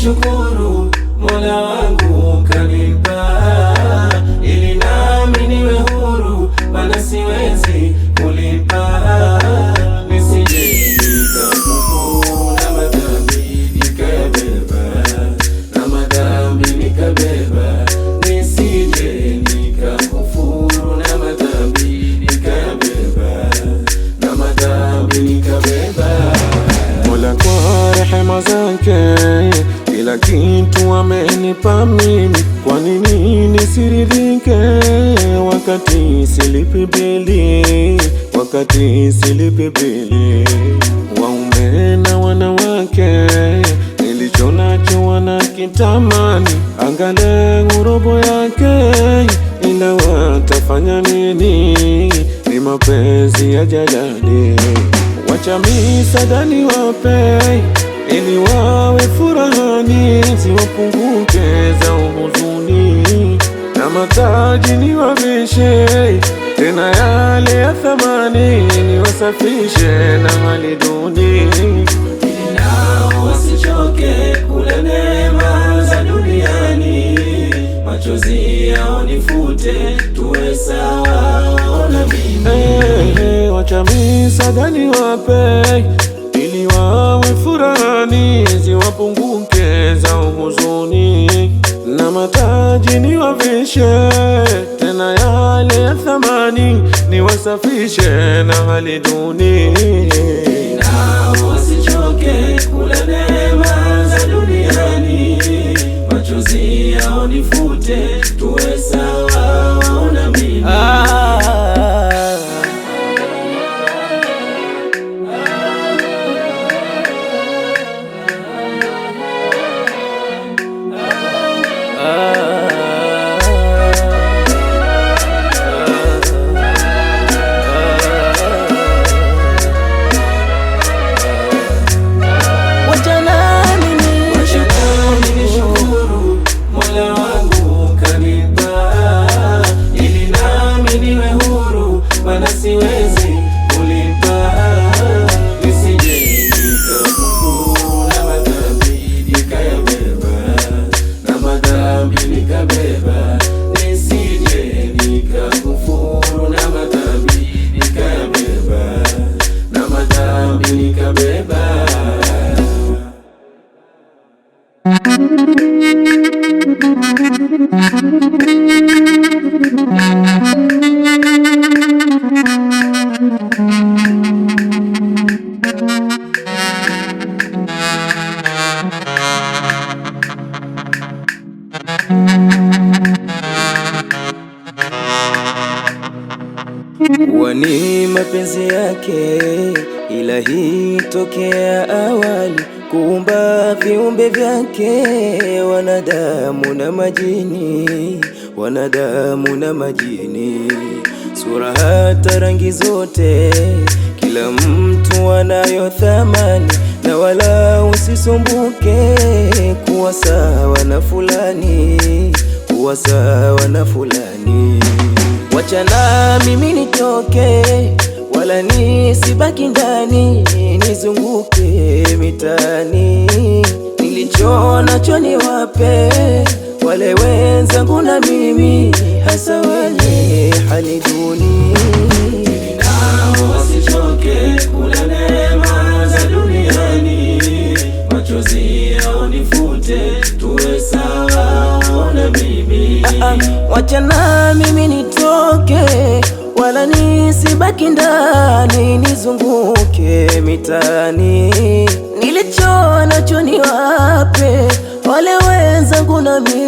nishukuru Mola wangu umenipa mimi, kwa nini nisiridhike wakati silipi bili, wakati silipi bili? Waume na wanawake nilicho nacho wanakitamani, angale ngurubo yake, ila watafanya nini? Ni mapenzi ya jadali, wacha misadani wape ili wawe furahani, ziwapunguke za huzuni, na mataji ni wavishe tena yale ya thamani, ni wasafishe na hali duni, ili nao wasichoke kula neema za duniani, machozi yao nifute, tuwe sawa na mimi, hey, hey, wacha mataji niwavishe, tena yale ya thamani niwasafishe na hali duni, wasichoke kula duniani, machozi yao nifute, tuwe sawa bebê ni mapenzi yake, ila hii tokea awali kuumba viumbe vyake, wanadamu na majini, wanadamu na majini, sura hata rangi zote, kila mtu anayo thamani, na wala usisumbuke kuwa sawa na fulani, kuwa sawa na fulani wachana mimi nitoke, wala nisibaki ndani, nizunguke mitani, nilicho nacho niwape wale wenzangu na mimi wachana mimi nitoke, wala nisibaki ndani, nizunguke mitaani, nilicho nacho wape wale wenzangu nami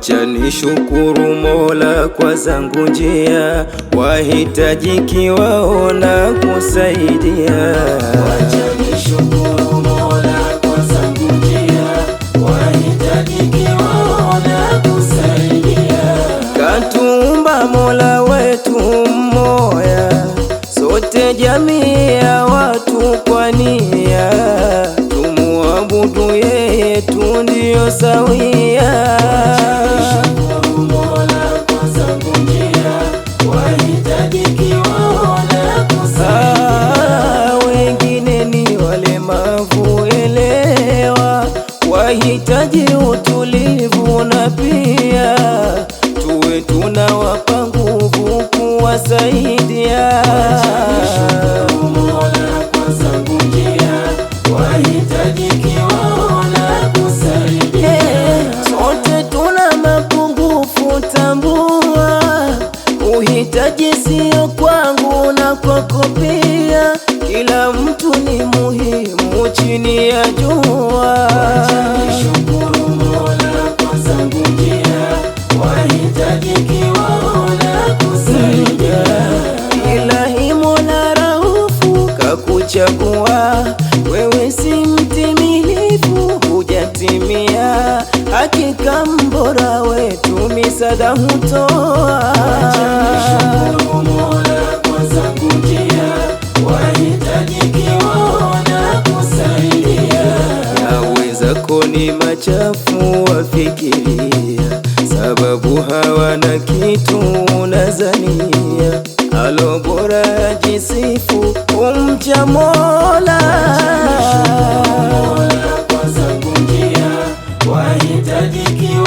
Wacha shukuru Mola kwa zangunjia njia, wahitaji kiwaona kusaidia. Wacha nishukuru Mola kwa zangu wahitaji kiwaona kusaidia. Katuumba Mola wetu mmoya, sote jamii ya watu kwa nia, tumuabudu yeye tu sawia Ah, wengine ni walemavu, elewa, wahitaji utulivu na pia tuwe tunawapa nguvu kuwasaidia. sio siyo kwangu na kwako pia, kila mtu ni muhimu chini ya jua. Ilahi Raufu kakuchagua wewe, si mtimilifu hujatimia, hakika mbora wetu misada hutoa alo bora jisifu umcha Mola kwa zangu njia, wahitajiki